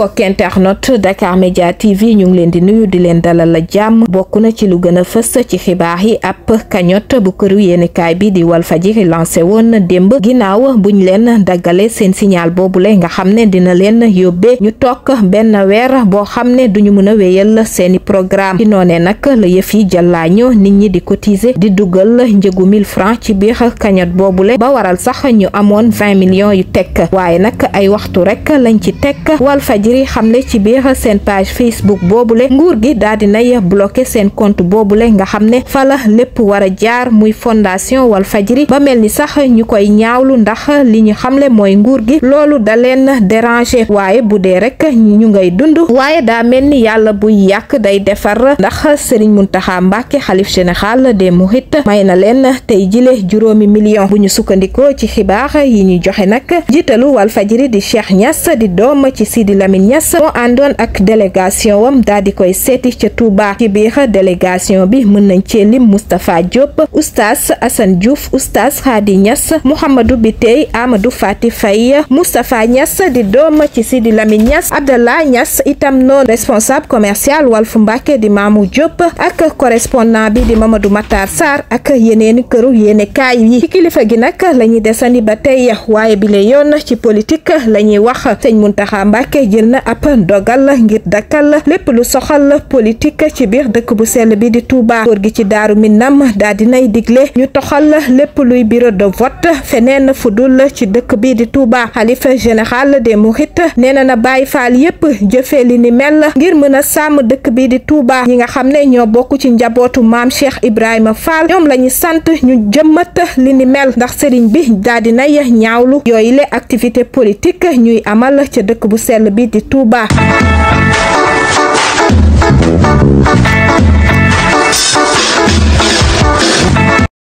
mbokk internet Dakar TV ñu ngi leen di nuyu di leen dalal la jàmm bokk na ci lu gën a fës ci xibaar yi ab cagnotte bu këru yéenekaay bi di walfa ji lancé woon na démb ginnaaw bu ñu leen daggale seen signal boobule nga xam ne dina leen yóbbee ñu toog benn weer boo xam ne duñu mën a wéyal seeni programme ci noonee nag la yëf yi jàllaaño nit ñi di cotiser di dugal njëgu 1000 francs ci biir cagnotte boobule ba waral sax ñu amoon 20 millions yu tekk waaye nag ngir xamle ci biir seen page Facebook boobule nguur gi daal di nay bloqué seen compte boobule nga xam ne fala lépp war a jaar muy fondation wal fajri ba mel ni sax ñu koy ñaawlu ndax li ñu xamle mooy nguur gi loolu da leen déranger waaye bu dee rek ñu ngay dund waaye daa mel ni yàlla buy yàq day defar ndax Serigne Mountakha Mbacké xalif général des Mourides may na leen tey jile juróomi million bu ñu sukkandikoo ci xibaar yi ñu joxe nag jiitalu wal fajri di Niass moo àndoon ak délégation wam daal di koy seeti ca Touba ci biir délégation bi mën nañ cee lim Moustapha Diop oustaz Assane Diouf oustaz Khady Niass Mouhamadou Biteye Amadou Fati Faye Moustapha Niass di doom ci Sidi Lamine Niass Abdallah Niass itam noonu responsable commercial Walf Mbacke di maamu Diop ak correspondant bi di Mamadou Matar Sarr ak yeneeni këru yéene kaay yi ci kilifa gi nag lañuy ñuy desandi ba tey waaye bi la yoon ci politique la ñuy wax sëñ Mountakha jël na ab ndogal ngir dakkal lépp lu soxal politique ci biir dëkk bu sell bi di Touba góor gi ci daaru Minam daa dinay digle ñu toxal lépp luy bureau de vote feneen fu dul ci dëkk bi di Touba xalif général des Mourides nee na na Baay Faal yépp jëfee li ni mel ngir mën a sàmm dëkk bi di Touba ñi nga xam ne ñoo bokk ci njabootu maam Cheikh Ibrahima Fall ñoom la sant ñu jëmmat li ni mel ndax sëriñ bi daa dinay ñaawlu yooyu activité politique ñuy amal ca dëkk bu sell bi di Touba.